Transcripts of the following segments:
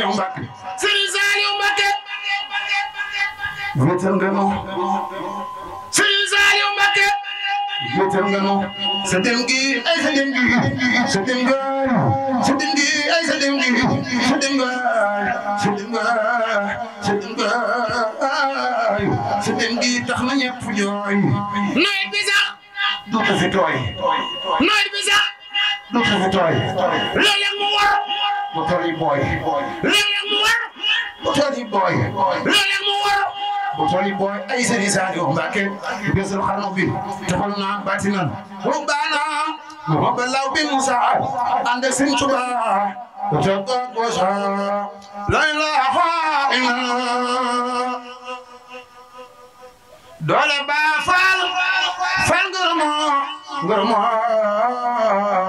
Saliou Mbacké Serigne Saliou Mbacké wéetal nga nu Serigne Saliou Mbacké wéetal nga nu sa dem gi ay sa dem gi sa dem ga sa dem gi ay sa dem gi sa dem ga sa dem ga sa dem ga sa dem gi tax na ñëpp jooy nawet bi sax du ko fi tooy nawet bi sax du ko fi tooy Motori boy. Loolu ak mu war. Motori boy. Loolu ak mu war. Motori boy ay sëriñ Sadio Mbacke besul xaram bi defal naa batinan. Rubana mabalaw bi Musa ànd ak Sëriñ Tuba. Jabba gosa la ilaha illallah. Doole ba fal fal ngërëmoo ngërëmoo.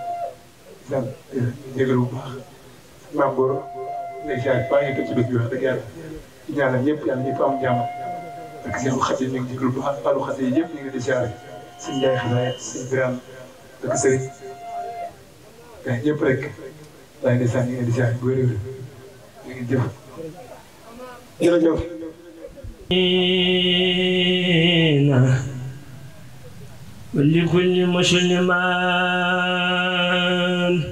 daal jégalu bu baax maam Goro léegi yaa ngi baax yëpp ci bés bi wax dëgg yàlla ñaanal ñëpp yàlla am jàmm ak seen xase ñu ngi jégalu bu baax alu xase yëpp ñu ngi di ziar sëñ xanaa sëñ Birame ak sëriñ gaa ñëpp rek laay di ziar ñu ngi di ziar bu wér-wér ñu ngi jëf jërëjëf. ولكل مسلمان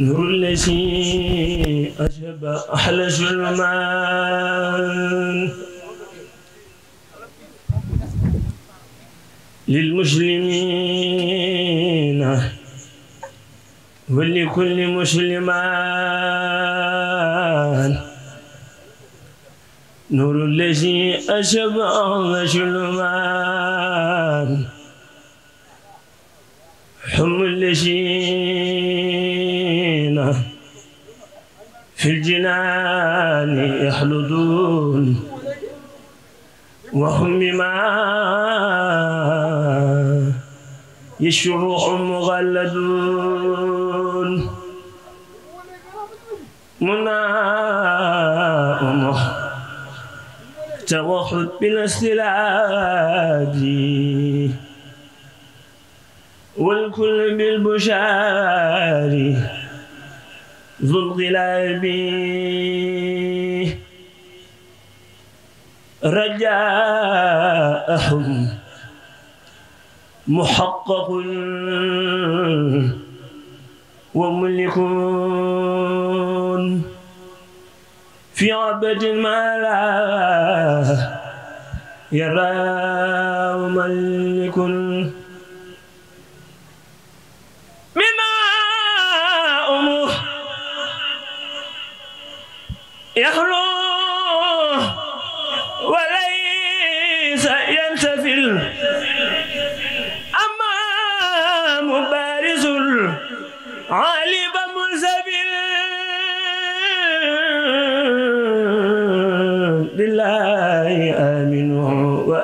نور الذي أجب أحلى سلمان للمسلمين ولكل مسلمان نور الذي أشبع ظلمان حم الذين في الجنان يحلدون وهم بما يشرعهم مغلدون منام توحد بالاستلاد والكل بالبشار ذو الغلاب رجاءهم محقق وملك في عبد الملا يرى ملك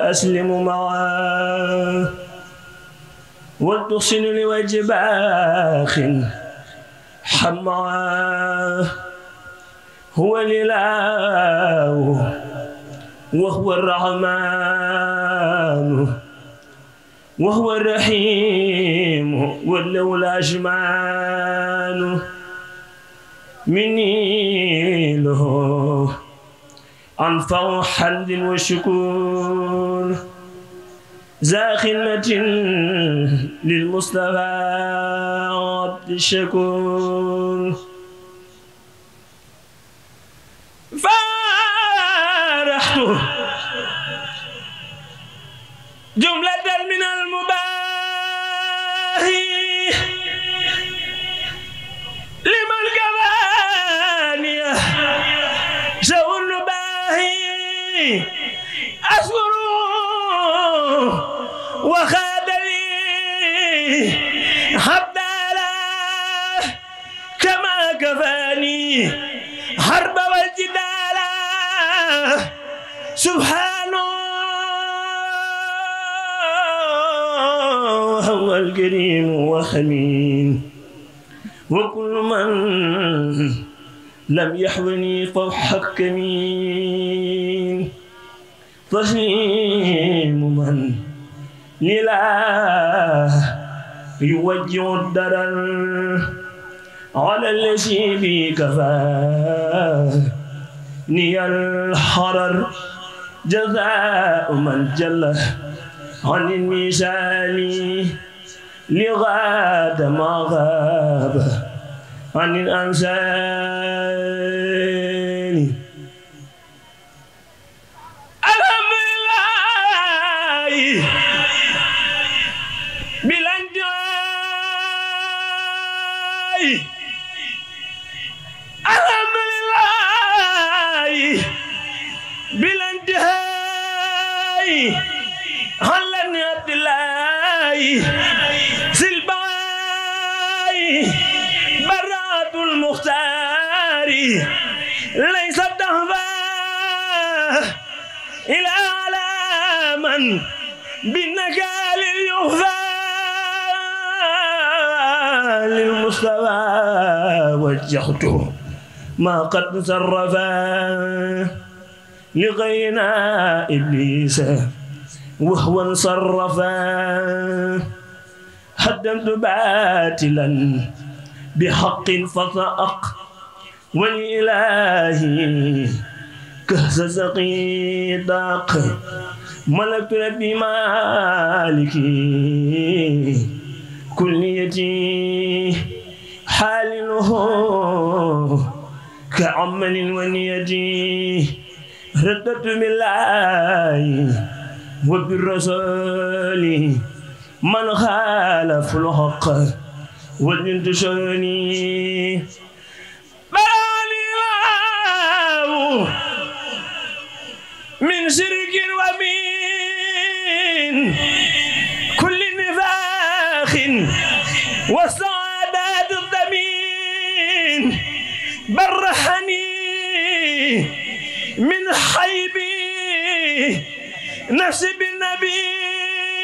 وأسلم معاه والتصل لوجه باخ حمعاه هو الإله وهو الرحمن وهو الرحيم ولو الأجمان مني له عن حمد وشكور ذا خدمة للمصطفى عبد الشكور فرحت جملة من المباهي لمن كمانية شو النباهي أسكن وخاد لي حبدالا كما كفاني حرب والجدالا سبحانه هو الكريم وحميد وكل من لم يحوني فهو كمين فهيم من لله يوجه الدرر على الذي في بكفاني الحرر جزاء من جل عن المثال لغاد ما غاب عن الأنساب زلباي براد المختار ليس الدهبا إلى علاما بالنكال يهفى للمستوى وجهته ما قد زرفا لغينا إبليس وهو انصرفا هدمت باتلا بحق فطأق والإله كهز سقيطاق ملكت ربي مالكي كليتي حاله كعمل ونيتي ردت بالله وبالرسول من خالف الحق والانتشاني بلاني الله من شرك ومن كل نفاخ وسعادات الضمين برحني من حي نسب النبي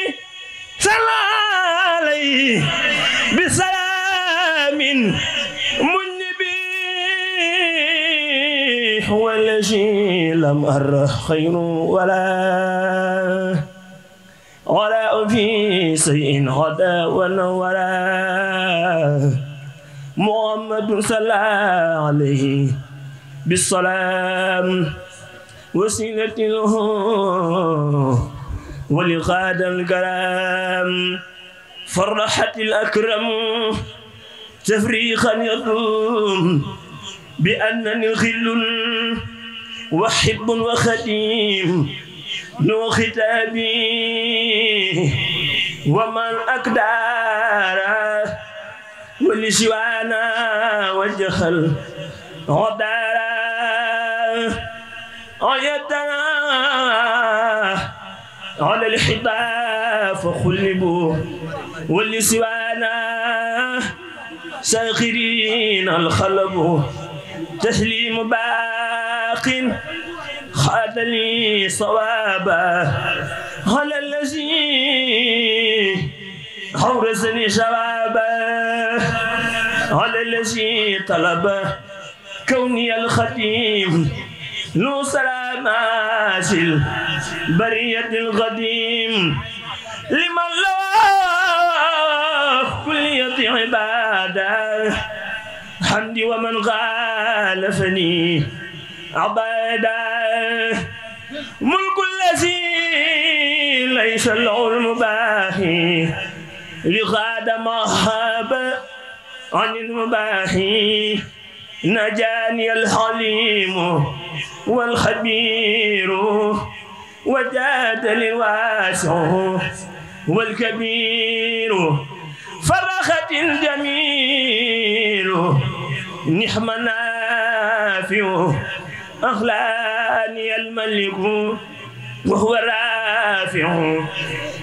صلى عليه بسلام منبي والذي لم أره خير ولا ولا في شيء غدا ولا محمد صلى عليه بالسلام وسيلة له الكرام فرحت الأكرم تفريخا يظن بأنني غل وحب وخديم نو ختابي ومن أقدار ولسوانا وجهل غدارا آياتنا على الحبا فخلبوا واللي سوانا ساخرين الخلب تسليم باق خاد لي صوابا على الذي أورثني شبابا على الذي طلب كوني الخديم نو سلام آسل برية القديم لمن الله كلية عبادة حمدي ومن غالفني عبادة ملك الذي ليس له باهي لغاد مهاب عن المباهي نجاني الحليم والخبير وجاد الواسع والكبير فرخت الجميل نحم نافع أخلاني الملك وهو رافع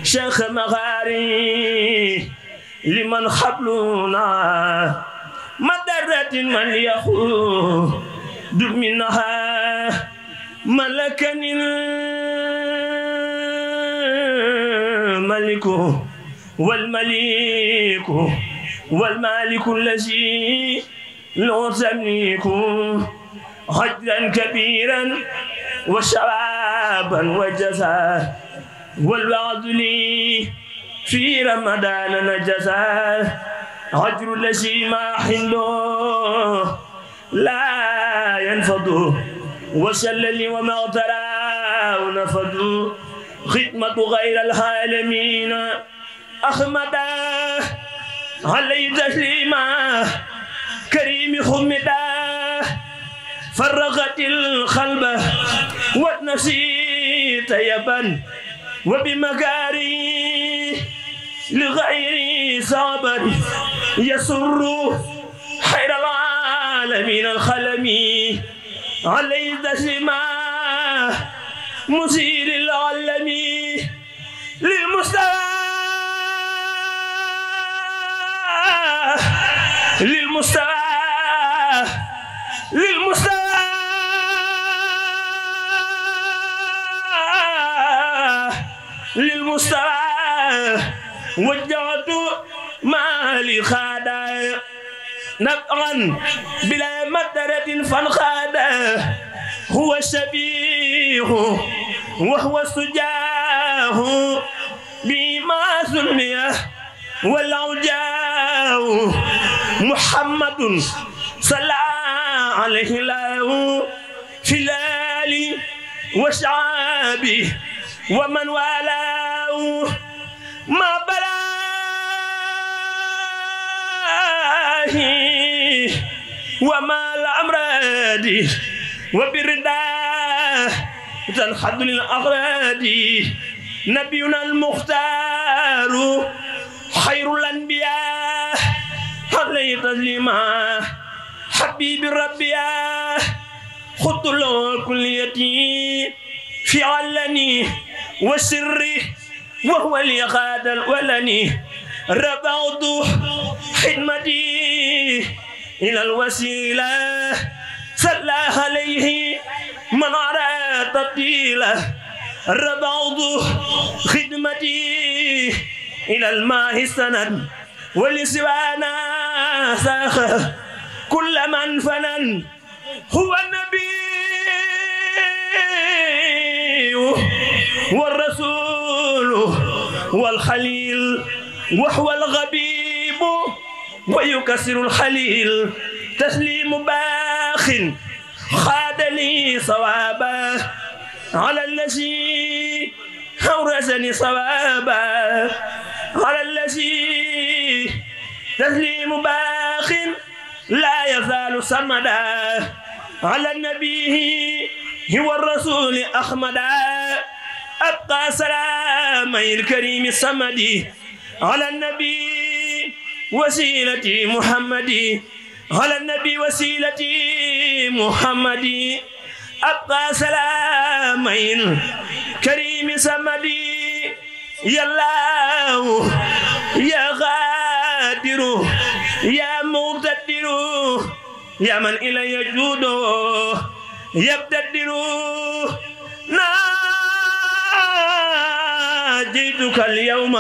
شيخ مغاري لمن حبلنا مدرة من يخود منها ملكا الملك والمليك والمالك الذي لا تملك حجرا كبيرا وشبابا وجزاء والوعد لي في رمضان نجزاه هجر الذي ما حل لا ينفض وسلل وما اغترى نفض خدمة غير العالمين أحمد علي تسليما كريم حمدا فرغت القلب والنفسي يبا وبمكاري لغير صبر يسر خير العالمين الخلم علي تسليما مزيل العلم للمستوى للمستوى للمستوى للمستوى وجهت مالي خادا نبغا بلا مدرة فانخادا هو شبيه وهو سجاه بما سمي والعجاء محمد صلى عليه الله في الآل وشعابه ومن والاه ما بلغ الله وما الأمراض وبرداه تنحد للأغراض نبينا المختار خير الأنبياء عليه تسليما حبيب ربي خط له كليتي في علني وسري وهو لي غادا ولني ربعت خدمتي إلى الوسيلة صلى عليه من أراد تبديله ربعت خدمتي إلى الماء سند ولسوانا ساخ كل من فنن هو النبي والرسول والخليل وهو الغبيب ويكسر الخليل تسليم باخ خاد لي صوابا على الذي أورثني صوابا على الذي تسليم باخ لا يزال صمدا على النبي هو الرسول أحمد أبقى سلامي الكريم الصمدي على النبي وسيلتي محمدي على النبي وسيلتي محمدي أبقى سلامين كريم سمدي يا الله يا غادر يا مقتدر يا من إلي يجود يبتدر ناجيتك اليوم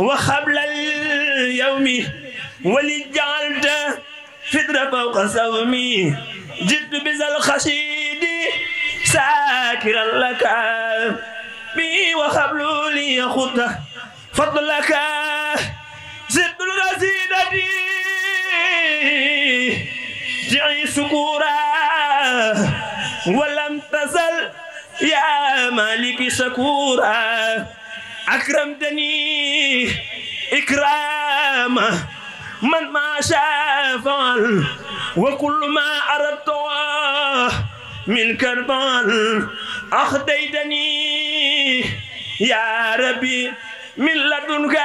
وخبل اليوم ولجعلت جعلت فطر فوق صومي جد بز الخشيد ساكرا لك بي وخبل لي خد فضلك زد الغزيدتي جعي سكورا ولم تزل يا مالك شكورا أكرمتني إكرام من ما شاف وكل ما أردت من كربان أخديتني يا ربي من لدنك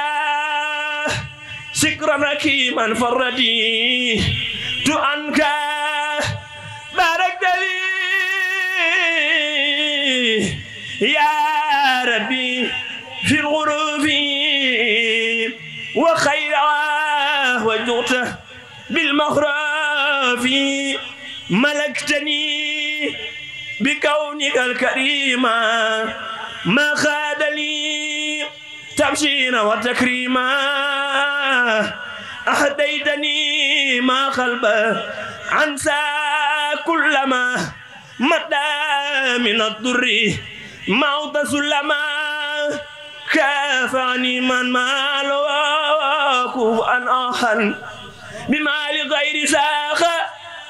شكرا من فردي دعانك باركت لي يا في الغروب وخيرا وجغته بالمغرب ملكتني بكونك الكريم ما خاد لي تبشيرا وتكريما أهديتني ما قلبه عنسى كلما مدى من الضر موت سلما كافاني من مال لواكو أن أخن بمال غير ساخة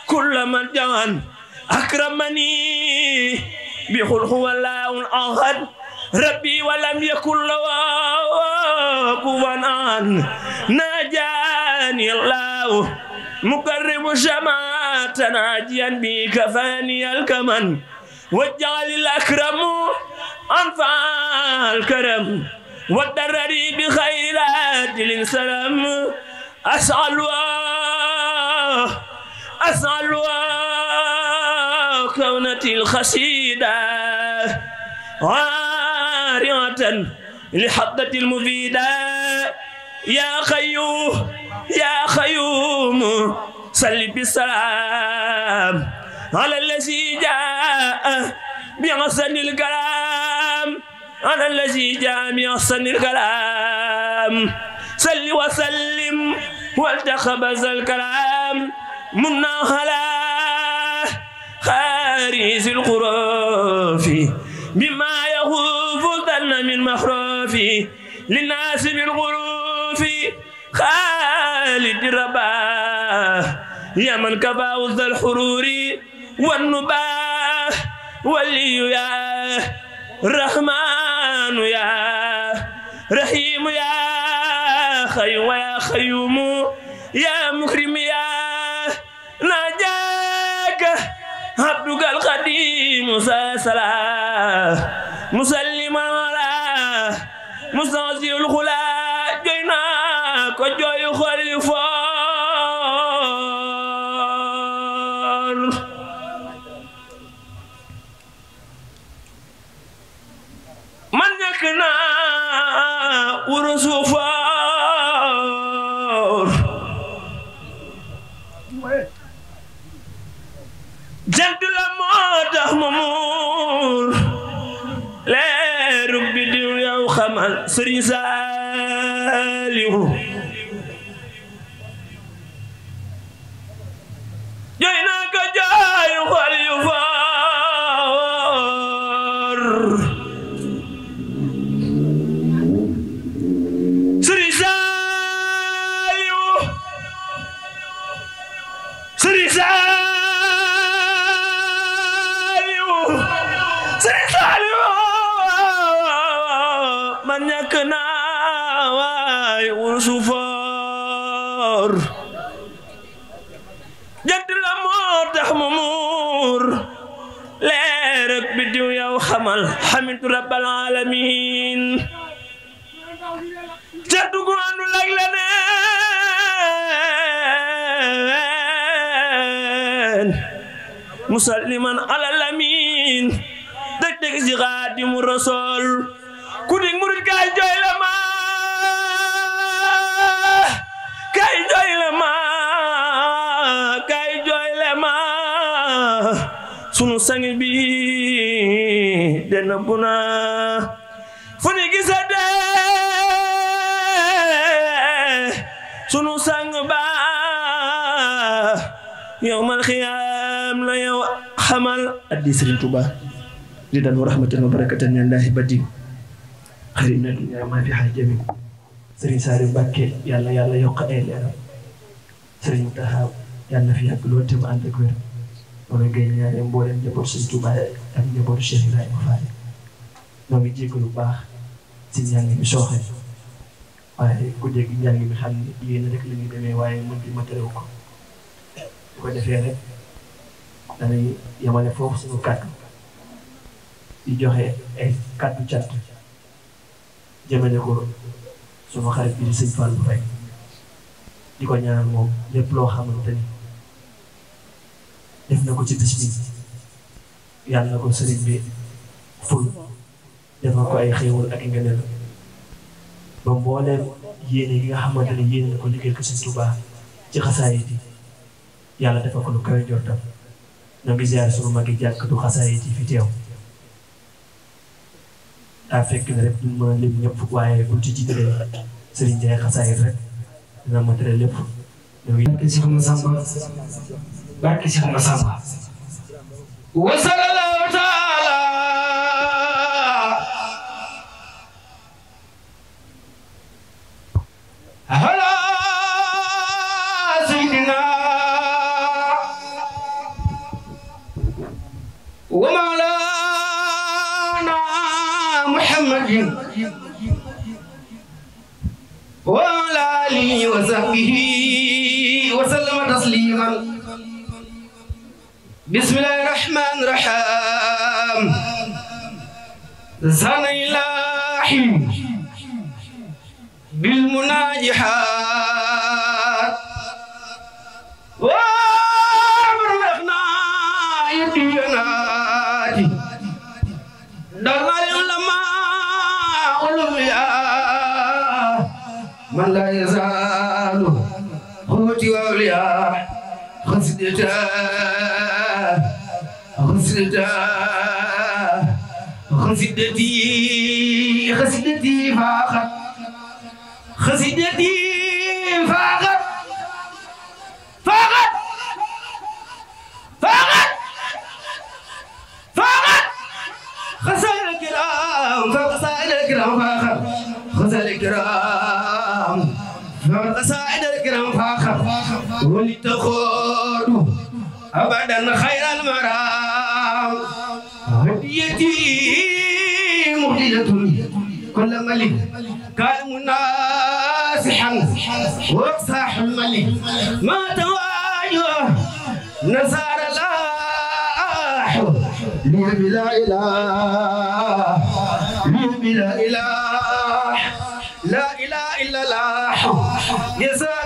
كل من جوان أكرمني بقل هو أحد ربي ولم يكن لواكو أن ناجاني الله مقرب شماتنا ناجيا بكفاني الكمن وجعل الأكرم أنفع الكرم والدرري بخيرات للسلام أسأل الله أسأل الله كونتي الخسيدة عارعة لحظة المفيدة يا خيوم يا خيوم صل بالسلام على الذي جاء بأحسن الكلام أنا الذي جاء بأحسن الكلام صل وسلم والتخبز الكلام منا على خارج الخراف بما يخوف ظن من مخروف للناس بالغروف خالد رباه يا من كفاه ذا الحرور والنباه ولي يا رحمن يا رحيم يا خيو يا خيوم يا مكرم يا نجاك عبدك القديم سلا مسلما ولا مستغزي الخلا جينا كجوي خليفه tax ma muur leerug bi diw yow xamal sëriñ Saalihu jooy naa ko jooyu hamidtu rabbal alamin ceddu gu alal amin dëg dëg si xaadimu rasul ku dig murid kaay jooy la ma kaay jooy la sunu sang nëbbu naa fu sunu sang ba yaumal khiyam la yow hamal serintuba. Sëriñ Tuuba di dan rahmatan wa barakatan ya, ya, ya allah badi xarit na dunya ma fi xaajami Sëriñ sari bakke yàlla yàlla yang ay leeram Sëriñ Taxaw yàlla fi yàgg lool ak wala ak Cheikh ñoo ngi bu baax ci njàng mi sooxe waaye ku dégg njàng mi xam ne yéen rek la ñu demee waaye mën di matalewu ko bu ko defee rek danay yemale foofu suñu kàddu di joxe ay kàddu cant jëmale ko suma xarit bi di sëñ Fallou Faye di ko ñaanal moom lépp loo xamante ni def na ko ci bis bi na ko sëriñ bi ful defal ko ay xéewal ak i ngëneel ba mbooleem yéene gi nga xamante ne yéene na ko liggéey ko Sëñ Tuubaa ci xasaayit yi yàlla defal ko lu kawe jortam na ngi ziar sunu mag yi jànkatu xasaayit yi fi teew daa fekk ne rek duñ mën a ñëpp waaye buñ ci jiitalee Serigne Ndiaye xasaayit rek dina matale lépp barke Cheikh Massamba barke Cheikh Massamba wa آله وصحبه وسلم تسليما بسم الله الرحمن الرحيم زن إلهي بالمناجحات من لا يزال قوتي وأولياء خسدتا خسدتا خسدتي خسدتي فاقت خسدتي فاقت فاقت فاقت فاقت خسر الكرام فقصى الكرام فاقت خسر الكرام خيرا فاخر ولتخون أبدا خير المرام هديتي مهددة كل ملك قال مناسحا وصاح الملك ما تواجه نزار الله لي بلا إله لي بلا إله لا إله إلا الله يسار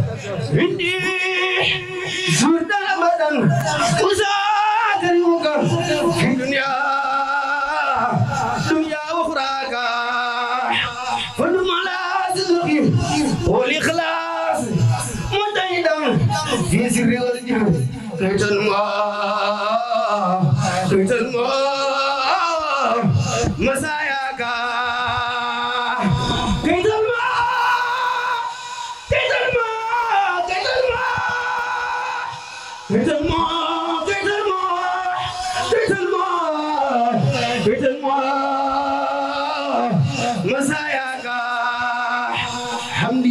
عندي زرد أبدا أساكرمك في دنيا دنيا أخراك فنم على صدقي والإخلاص متعدا في سر والجهل تجلما تجلما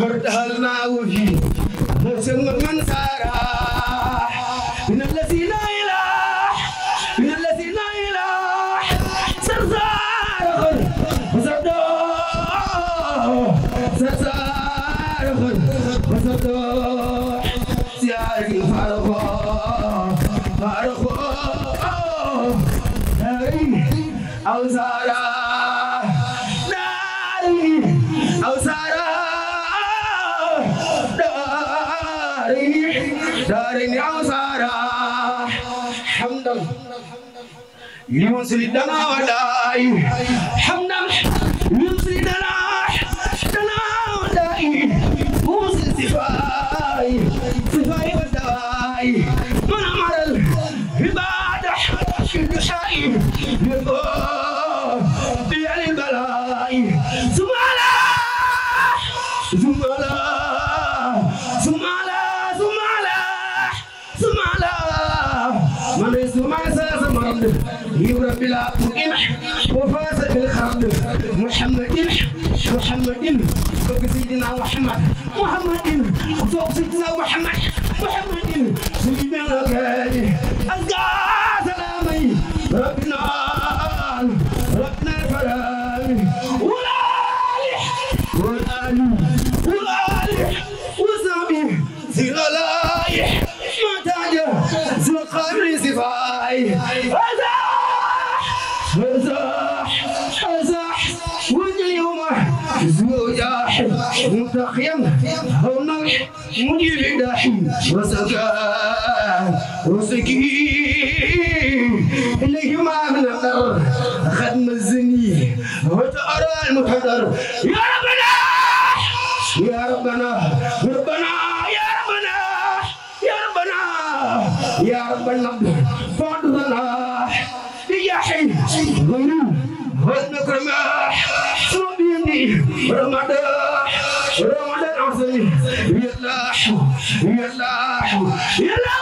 hört det här وانصر لنا وداعي حمدا فوق سيدنا محمد محمد فوق سيدنا محمد محمد سيدنا غالي أزكى سلامي ربنا ساقيا ومن مجيب داحي وسقى وسقي إليه ما من النار خدم الزني وتأرى المحضر يا ربنا يا ربنا ربنا يا ربنا يا ربنا يا ربنا فضلنا يا حي غير وزنك رماح ربي رمضان يا الله يا الله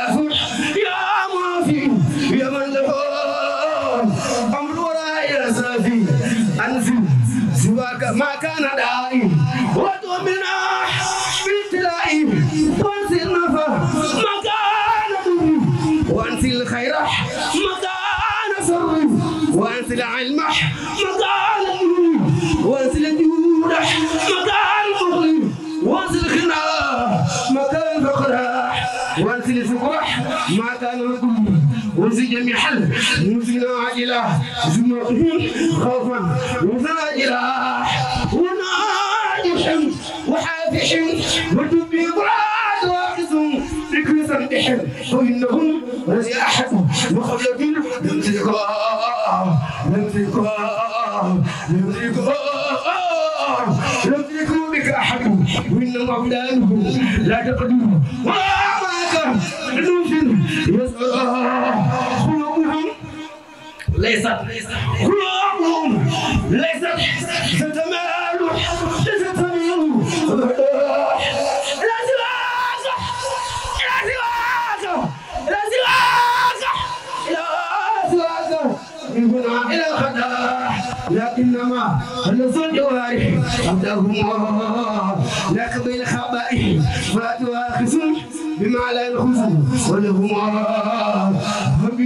أسافي أنفي سواك ما كان داعي وتؤمن بالتلائي وانسي النفر مكان ضري وانسي الخير مكان سري وانسي العلم مكان نوري وانسي الجود مكان فقري وانسي الخنا مكان فقرا وانسي الفقر مكان هدوء وانسي جميع حل نسينا عجله خوفا وزاجرا وناجح وحافح وجب إبراد واعز ذكر سمح وإنهم رزاح مخلد يمسكوا يمسكوا يمسكوا لم يكن بك أحد وإنما أولادهم لا تقدموا وما كان يسأل ليست هو أمر ليست تتمال تتميل لا زواج لا زواج لا زواج لا زواج من هنا إلى الخداع لكنما النصر جوارح عبدهما لك بين خبائه فأتوا خسر بما لا يخسر ولهما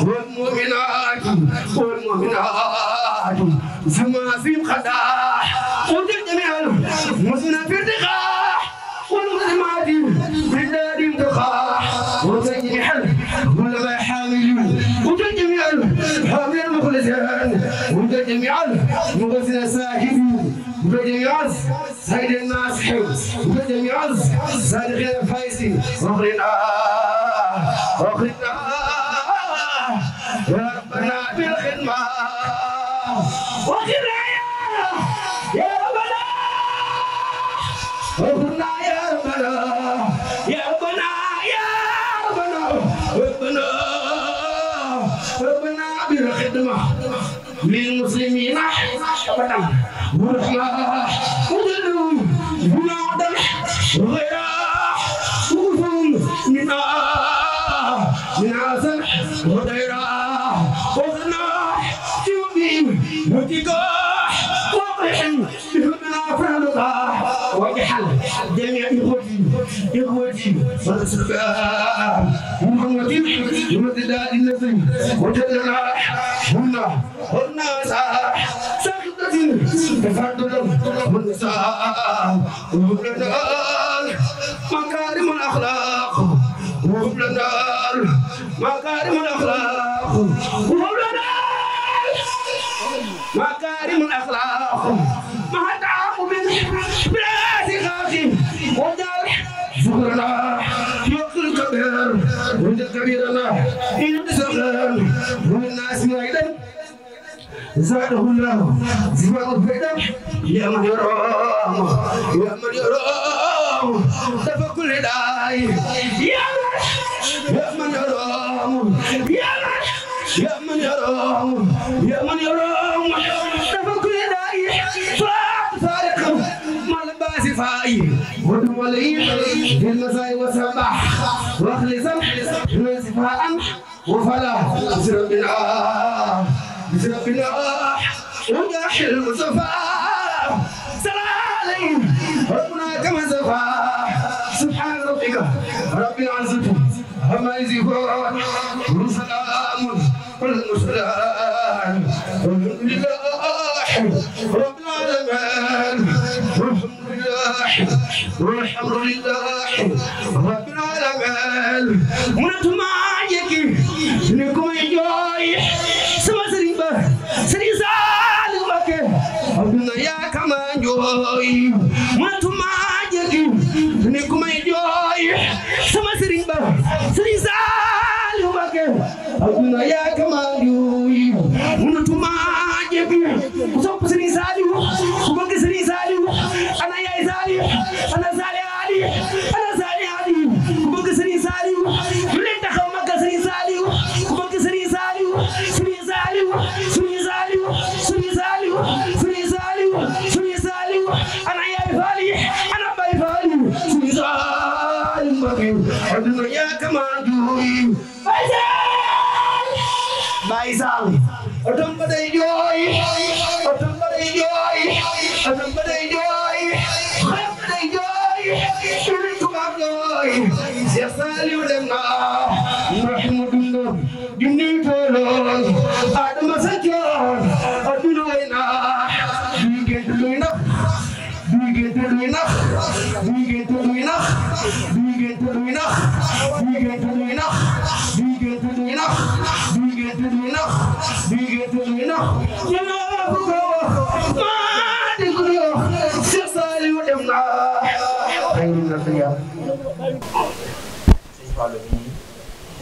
والمؤمنات والمؤمنات في خداح قلت الجميع مسنا في ارتقاح والمسلمات بالنار امتقاح قلت الجميع كل ما يحاولون قلت الجميع حامل المخلصين قلت الجميع مغسل ساكتين قلت الجميع سيد الناس حب قلت الجميع صادقين فايزين وقرنا وقرنا وهب لنا مكارم الأخلاق وهب لنا مكارم الأخلاق وهب لنا مكارم الأخلاق ما دعاه من بلاد غاخم وجعل شكرنا يقل الكبير وانت كبيرنا انت صغير والناس من ايضا زاده الله زباد الفيدم يا مهير ربنا كما زفا سبحان ربك رب العزة عما يصفون وسلام والمرسلات والحمد لله رب العالمين لله والحمد لله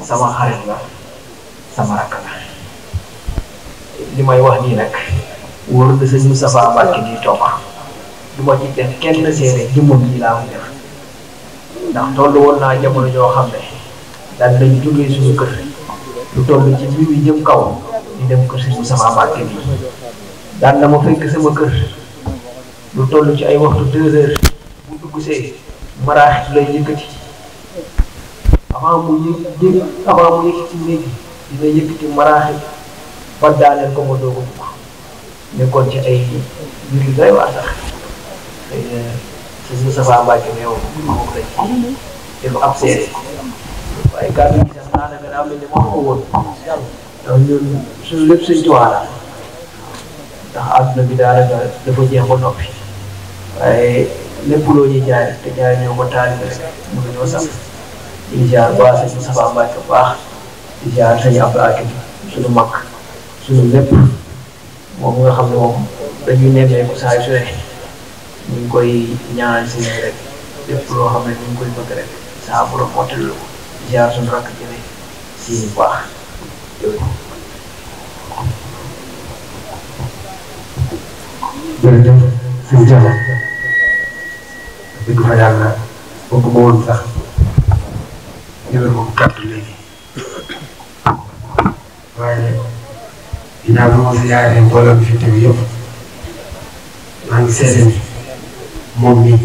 sama xarit la sama rakk la li may wax nii nag wóor na sëñ Moustapha Mbacke di toog du ma ci def kenn seere jëmmam yi laa ko ndax tollu woon naa jamono ñoo xam ne daan dañu jógee suñu kër lu toll ci biir yi jëm kaw di dem kër sëñ Moustapha Mbacke daan na ma fekk sama lu toll ci ay waxtu deux heures bu dugg see maraax lay avant mu yëg avant mu yëkkati néeg yi dina yëkkati maraaxi ba daaneel ko ba doog a ay mbir yu doy waar sax xëy na sëñ Moustapha Mbacke ne yow moom lañ ci te lu ab seede waaye kàddu gi sax daa mel ko ba noppi waaye lépp loo ñuy jaay te jaay ñoo ko taal rek mënuñoo sax di ziar bu baax sëñ Moustapha Mbacke bu baax di ziar sëñ Abdou suñu mag suñu lépp moom nga xam ne moom dañuy nemmeeku saa yu su ne ñu ngi koy ñaar si rek lépp loo xam ne ñu ngi koy bëgg rek saa bu reporté lu ko suñu rakk jëlee si bu baax jërëjëf. jërëjëf sëñ Diallo dëgg fa yàlla bëgg ma sax. jëlee ko kàddu léegi waaye ginnaaw bi ma ziyaare mbooloo bi fi teew yëpp maa ngi seede ni moom mii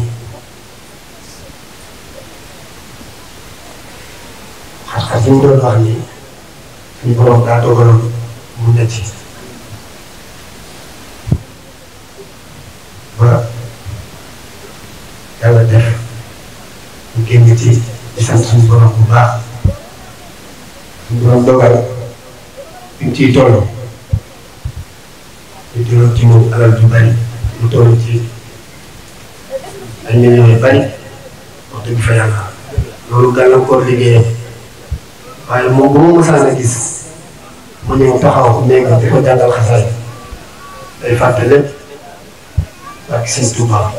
xar-xar bi mu doon wax nii suñu borom daa mu ne ci di sant suñu borom bu baax suñu borom dogal ñu ciy toll ñu jëloon ci moom alal ju bari mu toll ci ay millions yu fa yàlla loolu gàllankoor liggéeyam waaye mu ñëw taxaw néegam di ko jàngal xasaay day fàtte lépp ak sëñ Touba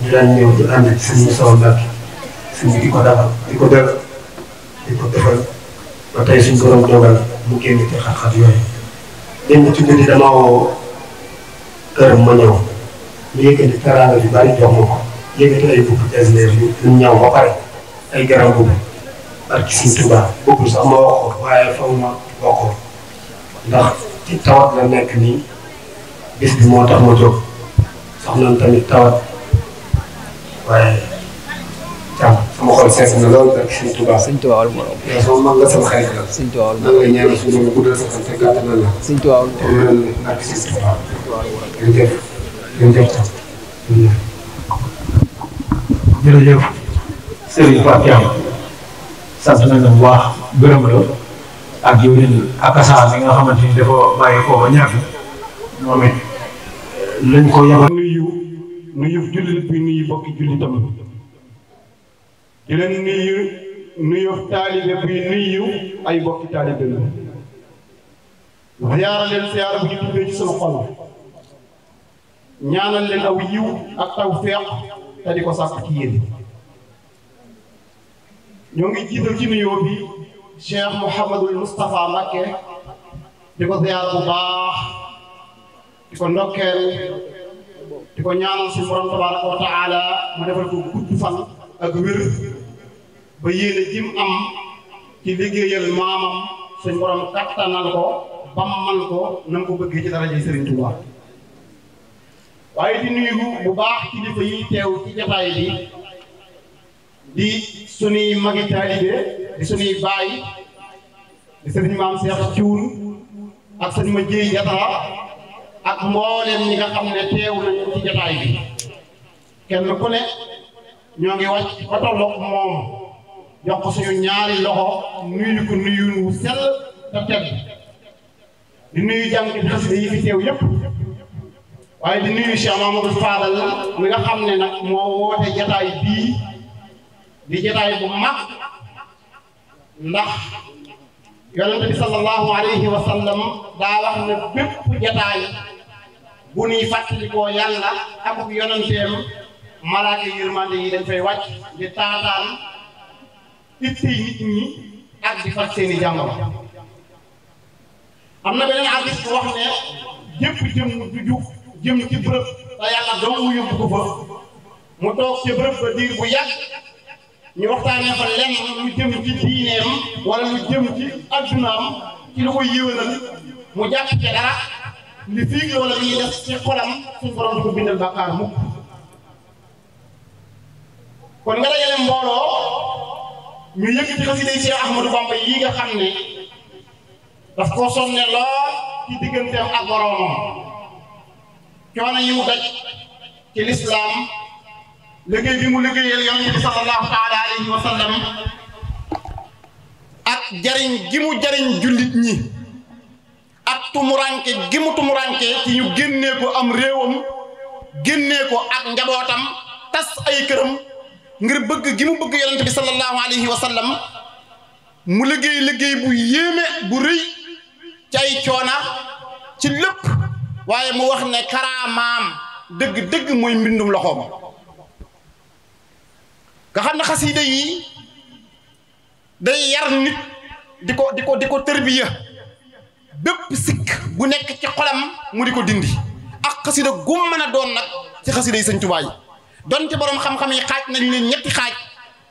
ñu daan ñëw di ànd suñ bi di ko dalal di ko dalal di ko defal ba tey suñ dogal mu génn ci xat-xat yooyu. dañ ma tudd di dama woo këram ma ñëw mu yëkkati teraanga yu bari jox ma ko yëkkati ay bubbu jasneer yu ñu ay garam bubbu barki suñ Tuubaa bëggul sax ma waaye faw ma wax ndax ci tawat la nekk nii bis bi moo tax ma jóg sax tamit tawat waaye. sama xol seet na lool barke sëñ Tuubaa. sëñ Tuubaa wala morom. yow sama mag nga sama xarit la. sëñ Tuubaa wala morom maa ngi lay ñaanal suñu mu guddal sa fan te gàttalal la. sëñ Tuubaa wala morom maa ngi lay barke sëñ Tuubaa. jërëjëf jërëjëf tam. jërëjëf Serigne Pape Thiam sant nañ la bu baax gërëm la ak yow leen ak asaar bi nga xamante ni dafa bàyyi koo ba ñaar moom it lañ ko yabal nuyu nuyu jullit bi nuyu bokki jullitam di leen nuyu nuyu taalibe buy nuyu ay bokki taalibe la wax yaara leen bu ñu duggee ci sunu xol aw yiw ak tawfeex te di ko sàkk ci yéen ñoo ngi jiital ci nuyoo bi Cheikh Mouhamadul Moustapha Mbacké di ko siyaara bu baax di ko ndokkeel di ko ñaanal si borom tabaraka wa taala mu defal ko gudd fan ak wér ba yéene jim am ci liggéeyal maamam suñ borom kattanal ko bammal ko na ko bëggee ci dara ji Sëriñ Tuubaa waaye di nuyu bu baax kilifa yi teew ci jataay bi di sunuy magi taalibe di sunuy bàyyi di sëriñ maam Seex Cuun ak sëriñ ma jéy jatara ak mbooleem ñi nga xam ne teew nañu ci jataay bi kenn ku ne ñoo ngi wàcc ba tolloog moom jox ko suñu ñaari loxo nuyu ko nuyu wu sell te teg di nuyu jàngit waaye di nuyu Cheikh Mamadou Fadal mi nga xam ne nag moo woote jataay bii di jataay bu mag ndax yonente bi sallallahu alayhi wa daa wax ne bépp jataay bu nuy fàttalikoo yàlla ak yonenteem malaaka yërmande yi dañ fay wàcc di taataan ittey nit ñi ak di faj seen am na beneen artiste boo xam ne jëpp jëm du jug jëm ci bërëb te yàlla dong mu ko fa mu toog ci bërëb ba diir bu yàgg ñu waxtaanee fa lenn lu jëm ci diineem wala lu jëm ci addunaam ci lu koy yéwénal mu jàpp ci dara li fii wala li ñuy def ci xolam suñu borom du ko bindal bàkkaar mukk kon nga dajale mbooloo ñu yëkkati xasida yi Cheikh Ahmadou Bamba yi nga xam ne daf ko sonne lool ci digganteem ak boroomam coono yi mu daj ci lislaam liggéey bi mu liggéeyal yonent bi sallallahu taala alayhi wa sallam ak jariñ gi mu jariñ jullit ñi ak tumuranke gi mu tumuranke ci ñu génnee ko am réewam génnee ko ak njabootam tas ay këram ngir bëgg gi mu bëgg yonent bi sallallahu alayhi wa sallam mu liggéey liggéey bu yéeme bu rëy ci ay coona ci lépp waaye mu wax ne karaamaam dëgg-dëgg mooy mbindum loxoom nga xam ne xasida yi day yar nit di ko di ko di ko tërbiya bépp sikk bu nekk ci xolam mu di ko dindi ak xasida gum mën doon nag ci xasida yi Sëñ Tuubaa donte borom xam-xam yi xaaj nañ leen ñetti xaaj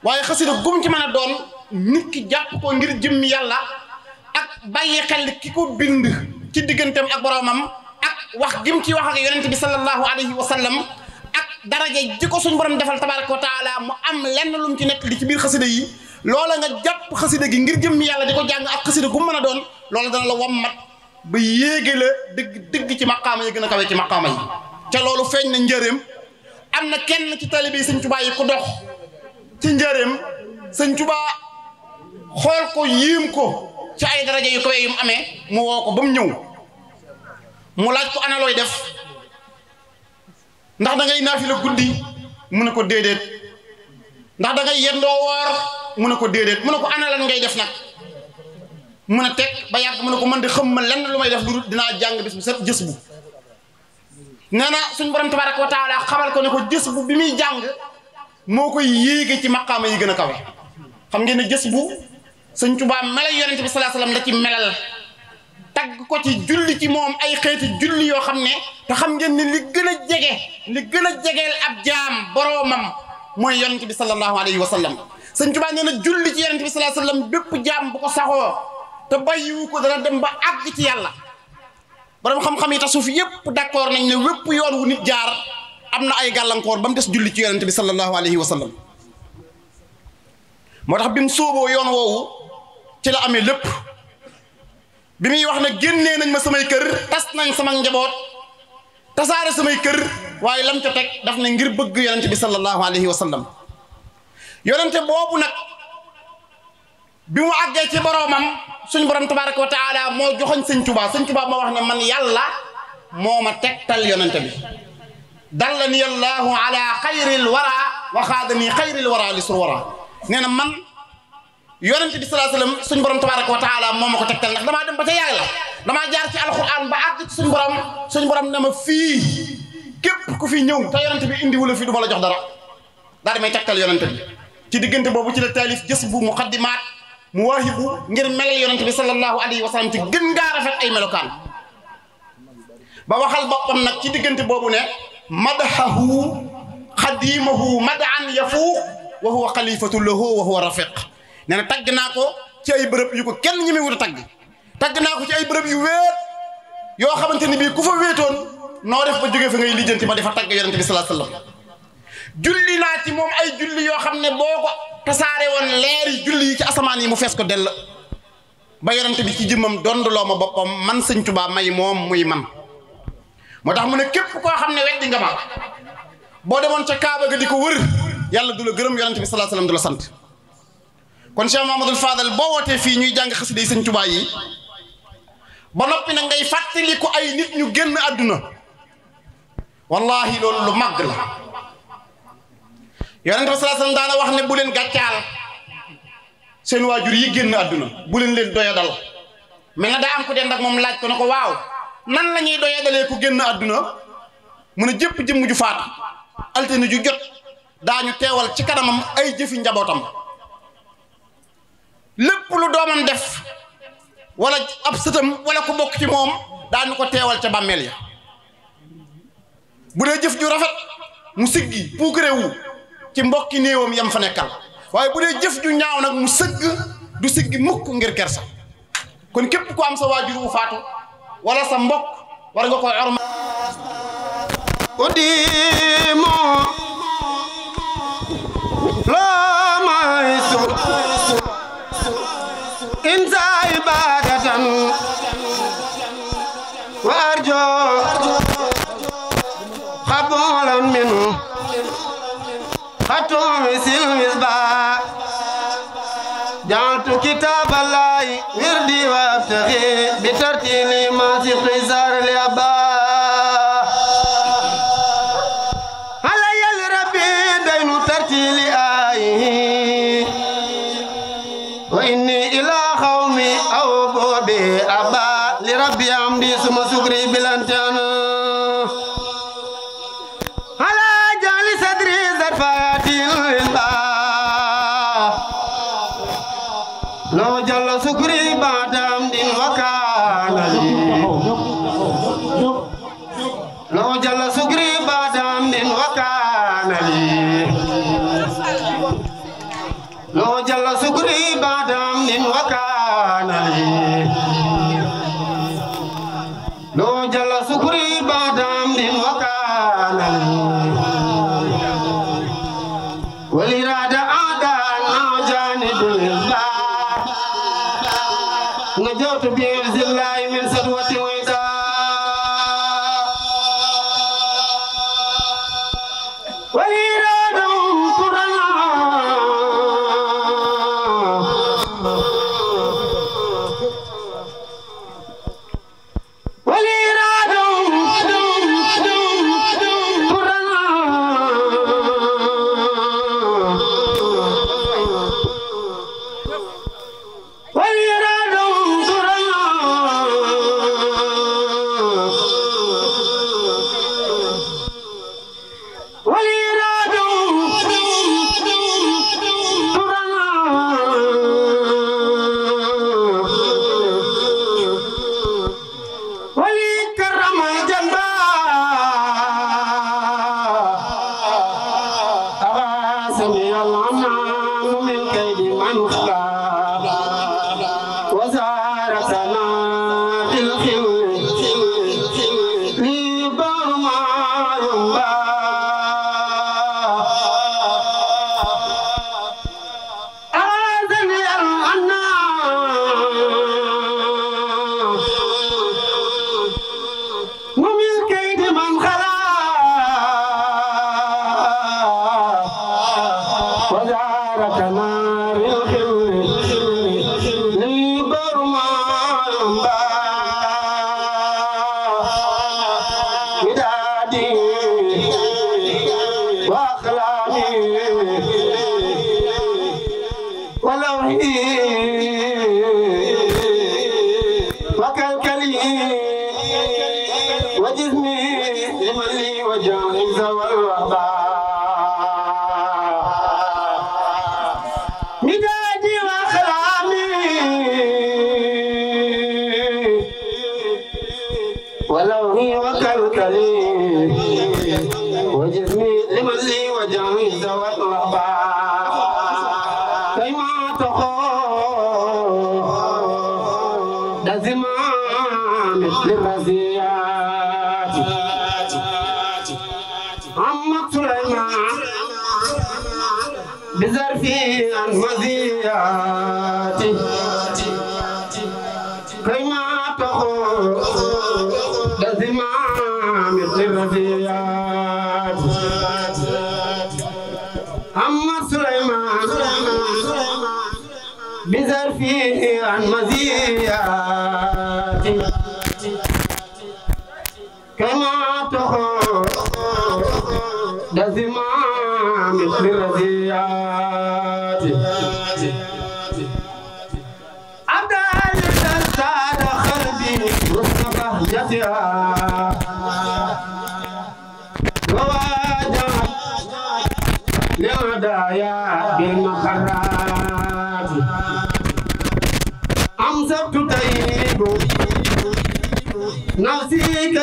waaye xasida gum ci mën a doon nit ki jàpp ko ngir jëmmi yàlla ak bàyyi xel ki ko bind ci digganteem ak boromam ak wax gim ci wax ak yonent bi sallallahu alayhi wa sallam ak daraja ji ko suñ borom defal tabaraka wa taala mu am lenn lu mu ci nekk li ci biir xasida yi loola nga jàpp xasida gi ngir jëmmi yàlla di ko jàng ak xasida gum mën a doon loola dana la wammat ba yéege la dëgg dëgg ci maqaama yi gën a kawe ci maqaama yi ca loolu feeñ na njëreem amna na kenn ci talibi seigne touba yi ku dox ci njëriñ seigne touba xol ko yim ko ci ay daraja yu ko yim amé mu wo ko bam ñew mu laaj ko analoy def ndax da ngay naafila guddi mu ne ko dedet ndax da ngay yendo wor mu ne ko dedet mu ne ko analan ngay def nak mu ne tek ba yag mu ne ko man di xam ma lenn lumay def dina jang bis bu set jës nee na suñ borom tabaraka wa taala xamal ko ne ko jës bu bi muy jàng moo koy yéege ci maqaama yi gën a kawe xam ngeen ne jës bu sëñ Tuubaa melal yonente bi salaa salaam la tagg ko ci julli ci moom ay xeeti julli yoo xam ne te xam ngeen ne li gën a jege li gën a jegeel ab jaam boroomam mooy yonente bi sallallahu alayhi wa sallam sëñ Tuubaa nee na julli ci yonente bi salaa salaam bépp jaam bu ko saxoo te bay yiwu ko dana dem ba àgg ci yàlla borom xam-xam yi tasawuf yëpp d'accord nañ ne wépp yoon wu nit jaar am na ay gàllankoor ba mu des julli ci yonente bi sallallahu alayhi wa sallam moo tax bi mu sóoboo yoon woowu ci la amee lépp bi muy wax ne génnee nañ ma samay kër tas nañ sama njaboot tasaare samay kër waaye lam ca teg daf ne ngir bëgg yonente bi sallallahu alayhi wa sallam yonente boobu nag bi mu àggee ci boroomam suñu borom tabaraka wa taala moo joxoñ sëñ Tuubaa sëñ Tuubaa moo wax ne man yàlla moo ma tegtal yonente bi dallani allahu ala xayril wara wa xaadani xayril wara li sur wara nee na man yonente bi salaa sallam suñu borom tabaraka wa taala moo ma ko tegtal ndax damaa dem ba ca yaay la damaa jaar ci alquran ba àgg ci suñu borom suñu borom ne ma fii képp ku fi ñëw te yonente bi indi wula fi du la jox dara daal di may tegtal yonente ci diggante boobu ci la taalif jës bu mu waahibu ngir melal yonent bi sallallahu alayhi wa sallam ci gën ngaa rafet ay melokaan ba waxal boppam nag ci diggante boobu ne madahahu xadimahu madaan yafuux wa huwa xalifatu lahu wa huwa rafet nee na tagg naa ko ci ay bërëb yu ko kenn ñi muy wut a tagg tagg naa ko ci ay bërëb yu wéet yoo xamante ni bii ku fa wéetoon noo def ba jógee fa ngay lijjanti ma defa tagg yonent bi sallallahu alayhi wa sallam julli naa ci moom ay julli yoo xam ne boo ko tasaare woon leeri julli yi ci asamaan yi mu fees ko dell ba yonent bi ci jëmmam donduloo ma boppam man sëñ Tuubaa may moom muy man moo tax mu ne képp koo xam ne weddi nga ma boo demoon ca Kaaba ga di ko wër yàlla du la gërëm yonent bi salaa salaam du la sant kon Cheikh Mamadou Fadal boo wootee fii ñuy jàng xasida yi sëñ Tuubaa yi ba noppi nag ngay ko ay nit ñu génn àdduna wallahi loolu lu màgg la yonent bi sallallahu alayhi wasallam wax ne bu leen gàccaal seen waajur yi génn àdduna bu leen leen doya dal mais nga daa am ko dend ak moom laaj ko ne ko waaw nan la ñuy doya dalee ku génn àdduna mu a jëpp jëmm ju faatu altine ju jot daañu teewal ci kanamam ay jëfi njabootam lépp lu doomam def wala ab sëtam wala ku bokk ci moom daañu ko teewal ca bàmmeel ya bu dee jëf ju rafet mu siggi puukarewu ci mbokki néewam yam fa nekkal waaye bu dee jëf ju ñaaw nag mu sëgg du siggi mukk ngir kersa kon képp ko am sa waajur wu faatu wala sa mbokk war nga koy orma. كتاب الله وردي وابتغي بترتيل ما في قزار الاباء علي لربي دين ترتيل آيه وإني إلى قومي أو بوبي أبا لربي عمدي ثم سكري بلانتان على جعل صدري زرفاتي الباب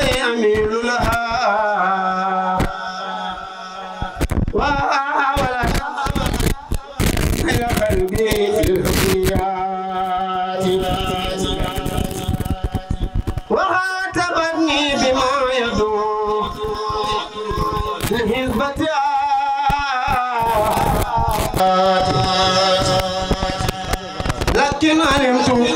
كي أميل لها وأعول إلى قلبي في الحكيات وخاتبني بما يدور لحزبتها لكن علمتم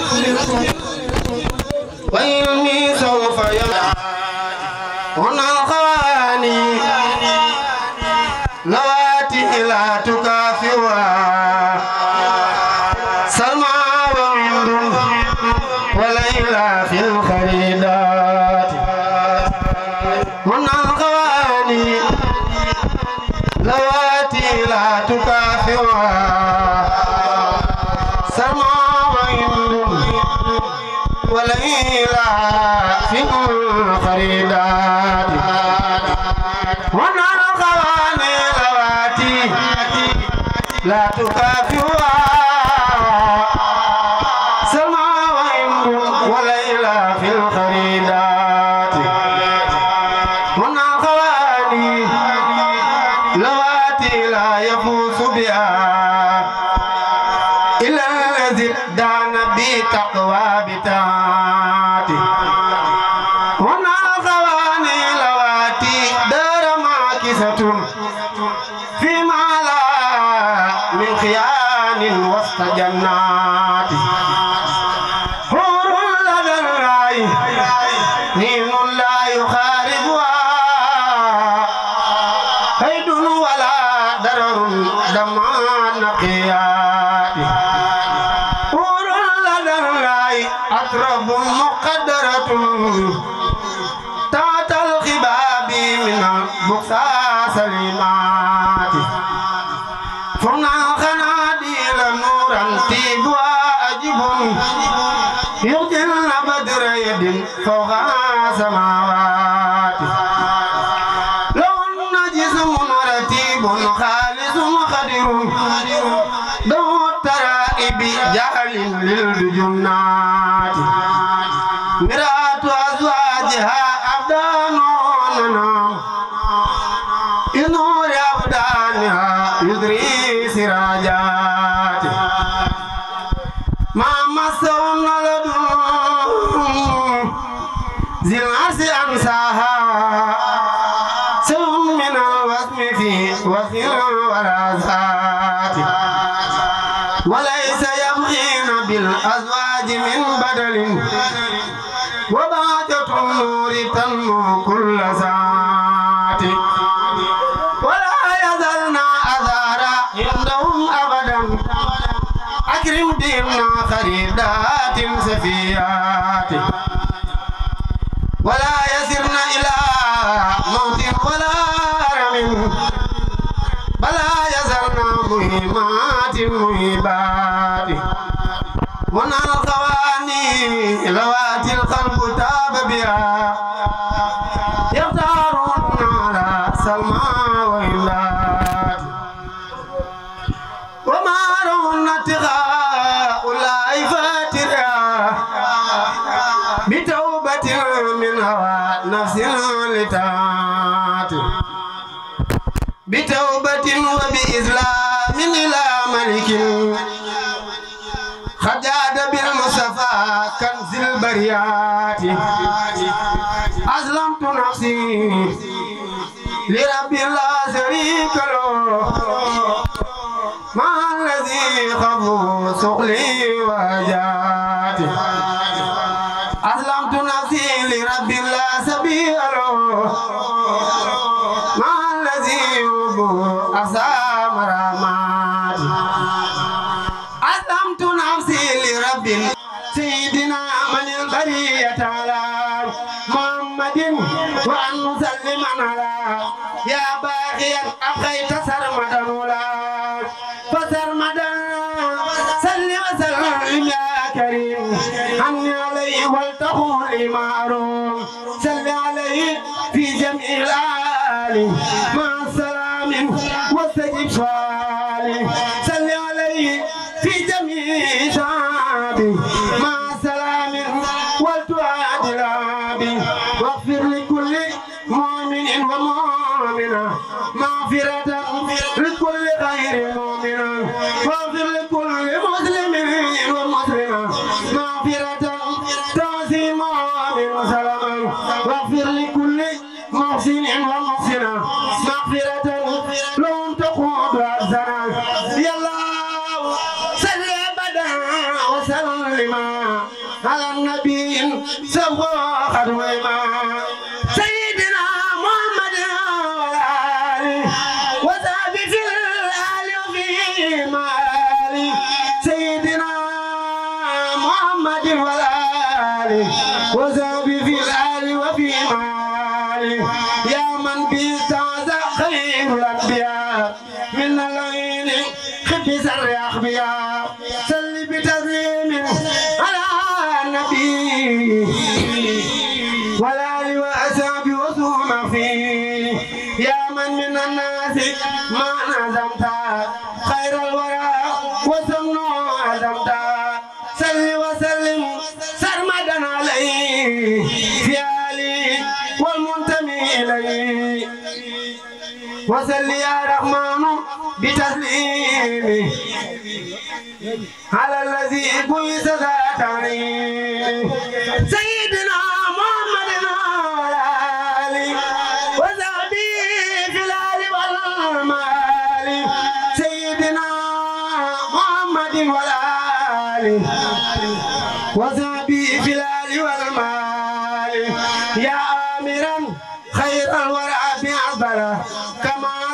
بها أبداننا بنور أبدانها يدري سراجا rawaatil xalbu taa كريم حن عليه ولتقم الإمار سل عليه في جميع الآل مع السلام واستجب سؤالي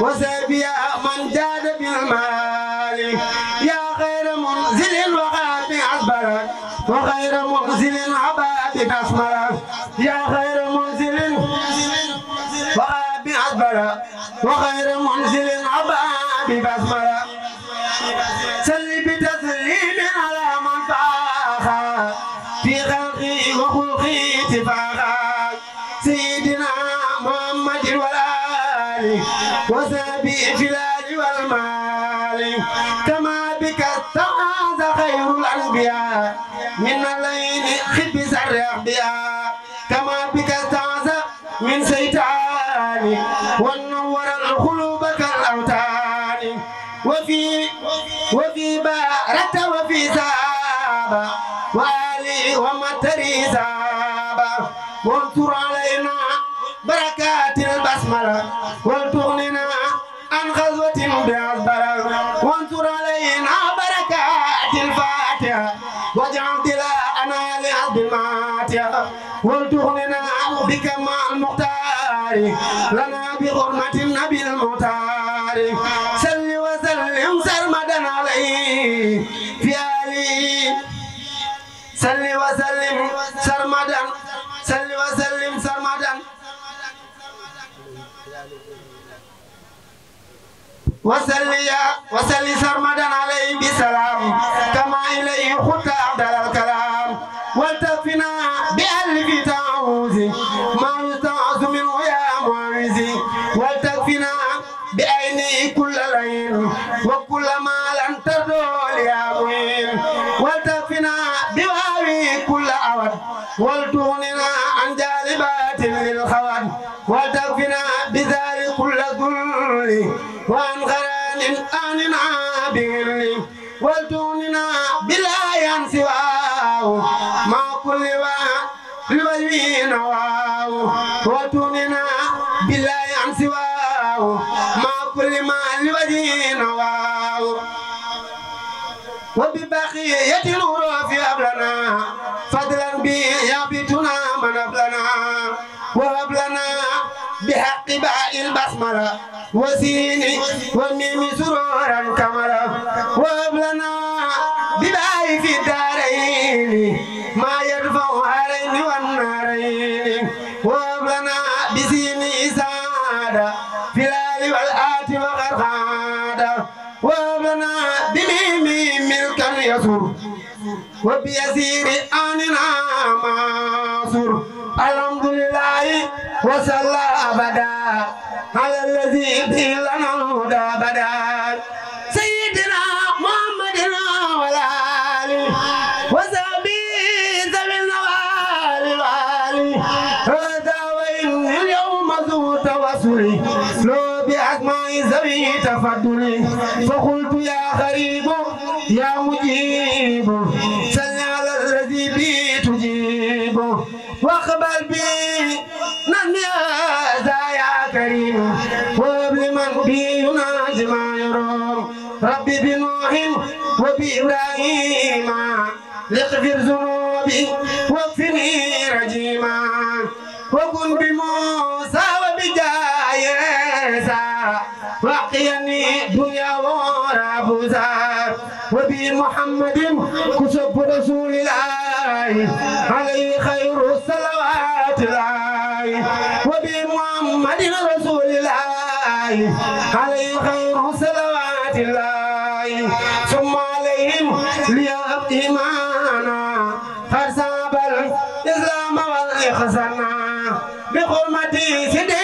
وسبي من جاد بالمال يا غير منزل الوغاب عبر وغير منزل عباد أسمر يا غير منزل وغاب عبر وغير منزل عباد أسمر خير الأنبياء من الليل خبز الربيع كما بك استعز من سيتعان ونور القلوب كالأوتان وفي وفي بارة وفي سابة وآلي ومتري سابة وانثر علينا بركات البسملة وتغننا عن بك مع المختار لنا بحرمة النبي المختار سل وسلم سرمدا عليه في آله سل وسلم سرمدا سل وسلم سرمدا وسلي وسلي سرمدا عليه بسلام كما إليه خطى عبد الكلام kitaawu si أحمر وسيني والنيم سرورا كمرا وهب لنا بلاي في الدارين ما يرفع علينا والنارين وهب لنا بسيني سعادة في الآل والآت وغرقادة وهب لنا بميمي ملكا يسر وبيسير آننا ماسر الحمد لله وصلى أبدا على الذي به لنا هدى بدا سيدنا محمد والآل وصحبه ذوي النوال والآل هذا وإن اليوم ذو توسل لو بأسماء ذوي تفضل فقلت يا غريب يا مجيب بنوح وبإبراهيم لاغفر ذنوبي واغفرني رجيما وكن بموسى وبجاي عيسى وقيني دنيا ورابوزا وبمحمد كسب رسول الله عليه خير الصلوات الله وبمحمد رسول الله عليه خير الصلوات الله عليهم ثم عليهم ليأبت إيمانا فارسابا الإسلام والإحسان بحرمة سيدنا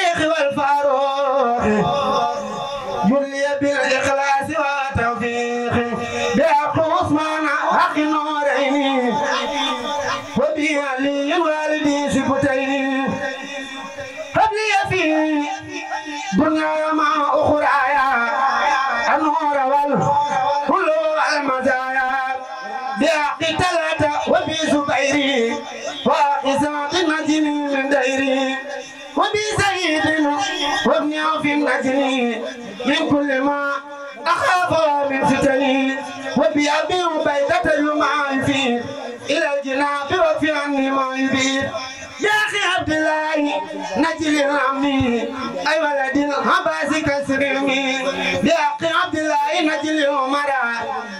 فتنتي من كل ما أخاف من فتني وبأبي بيتة المعارف إلى الجناب وفي عني ما يبيد يا أخي عبد الله نجل عمي أي ولد عباس كسرمي يا أخي عبد الله نجل عمرا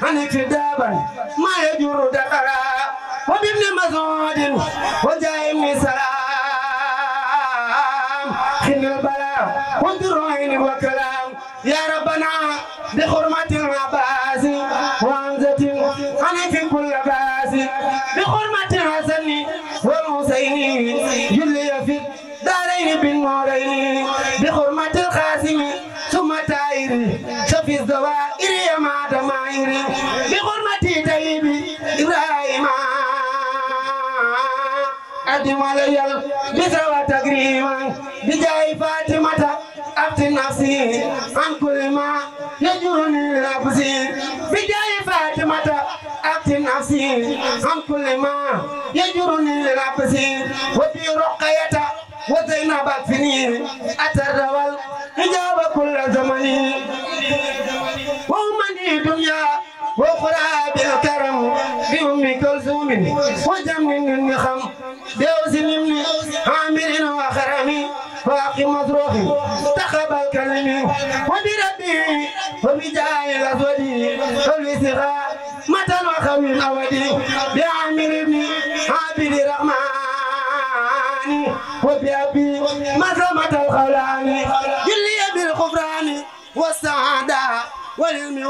عن كتابا ما يجر دقرا وبابن مسعود وجاء من سلام خلبا ودروين وكلام يا ربنا بحرمة العباس وعمزة حنيف كل باس بحرمة الحسن والحسين جلي في الدارين بالنورين بحرمة القاسم ثم تائر شفي الزوائر يا مادام بحرمة طيب إبراهيم أدم علي البسر وتكريما بجاه فاطمة وعبت نفسي عن كل ما يجرني نفسي بجاي فاطمة عبت نفسي عن كل ما يجرني نفسي وفي رقية وزينب فيني أتر والحجاب كل زمني وهمني دنيا وأخرى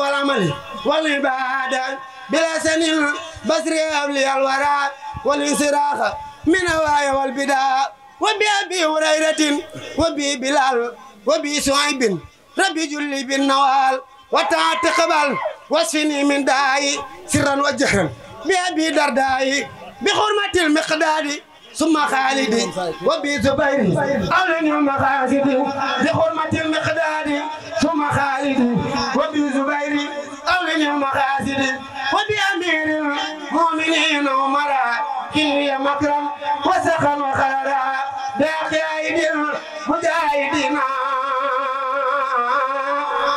والعمل والعبادة بلا سنين بسري أبلي الوراء والانصراخ من هوايا والبداء وبي أبي هريرة وبي بلال وبي شعيب ربي جلي بالنوال وتعت قبل وصفني من داعي سرا وجهرا بأبي درداي بحرمة المقداد ثم خالدي وبي زبير أرني مقاصدي لحرمة المقدار ثم خالدي وبي زبير أرني مقاصدي وبي أمير المؤمنين أمراء إني مكرم وسخا وخيرا باقي أيدي المجاهدين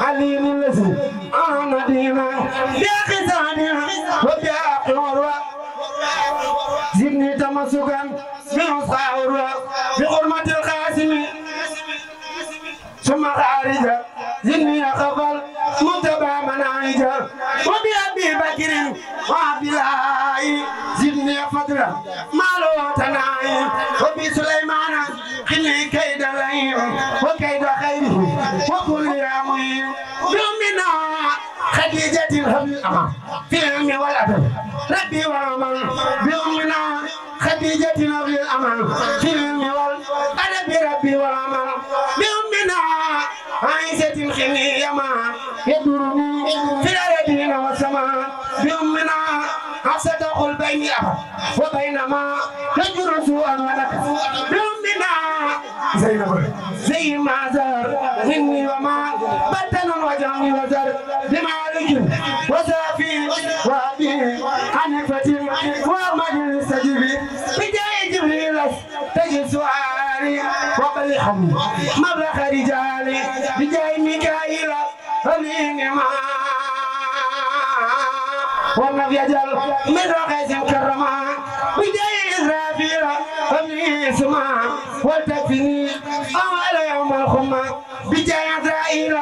عليم الذي أنا ديما باقي ثانية وباقي عروة زدني تمسكا بمصاحرة بحرمة القاسم ثم خارجا زدني قبل متبع مناهجا وبأبي بكر وعبد الله زدني فضلا ما له تناهي وبسليمان خلي كيد لئيم وكيد خير خديجة الحبيبة آه. في العلم والأدب ربي وأمن بأمنا خديجة في الأمن في العلم والأدب ربي وأمن بأمنا عائشة خني يما يدرني في الأرضين والسماء بأمنا حسد قلبي وبينما تجر سوءا ولك زينب زي ما زار مني وما بدل وجعلني وزر لمالك وسافي وابي حنفة ومجلس تجري بجاي جبريل تجد سؤالي وقلحم مبلغ رجالي بجاي ميكائيل فمين ما والنبي يجل من رقيس كرما بجاي فمني اسمع وتكفني أول يوم الخمة بجاي عزرائيل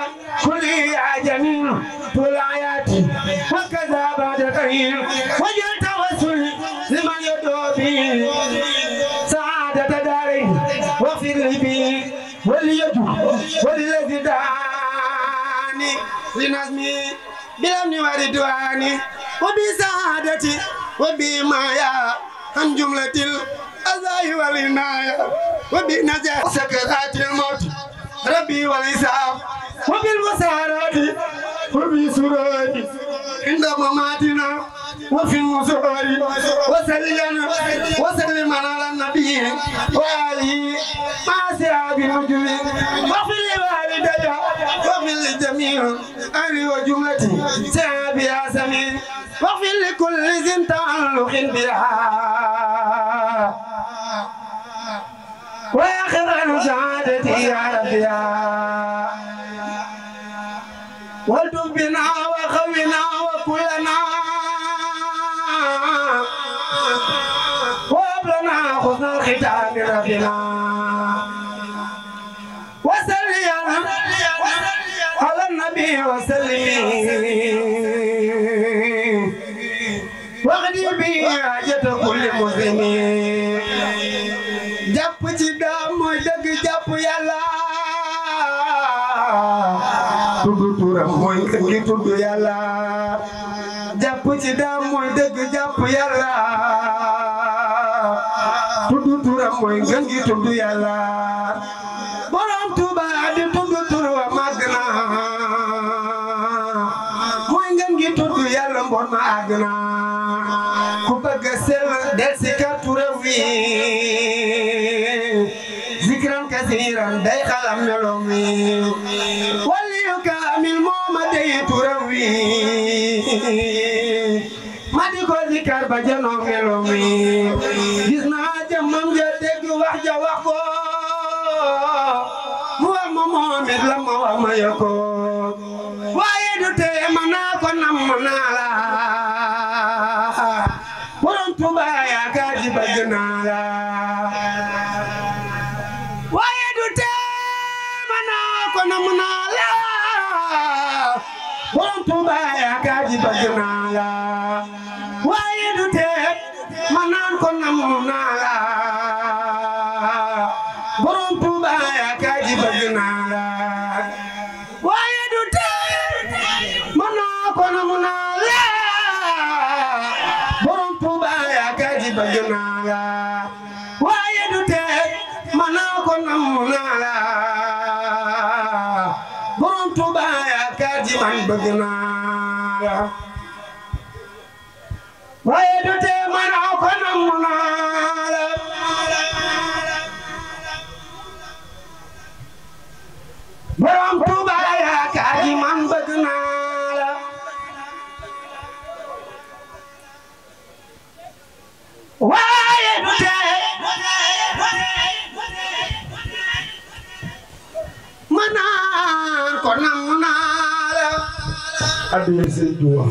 كل عجميل طول حياتي وكذا بعد قليل وجل توسل لمن يدعو به سعادة داري وفي قلبي وليجو والذي دعاني لنظمي بلمن وردواني وبسعادتي وبما يا عن جملة الأذى والعناية وبنجاح سكرات الموت ربي والإسعاف وبالمسارات وبسرور عند مماتنا وفي النزور وسلم وسلم على النبي وآله مع سراب النجوم وفي لوالدي وفي للجميع أهل وجملتي سابها سمين وفي لكل ذي تعلق بها واخر عن سعادتي يا ربي والدبنا وخونا وكلنا حسن الختام ربنا وسلم على النبي وسلم واغني به حاجة كل مسلم جاب جدام دق جاب يلا tudd turam mooy ngi tudd yàlla jàpp ci daam mooy dëgg jàpp yàlla tudd turam mooy ngën gi tudd yàlla borom ma àgg ku bëgg a sell del si kar turam wi xalam meloom wi waliyu kaamil dey turam wi ma di ko ba janoom meloom wax ja wax ko mu wax ma moomit la ma wax ma yoko waaye du tee ma naa ko nam ma naa la borom Tuuba yaakaar ji bëgg naa la waaye du tee ma naa ko nam ma naa la borom Tuuba yaakaar ji bëgg naa la waaye du tee ma naan ko nam ma naa la man bëgg naa la waaye du tee man aw ko namm naa la borom Tuuba yaakaar yi man bëgg naa la waaye du tee man aw ko namm naa abençoe tua.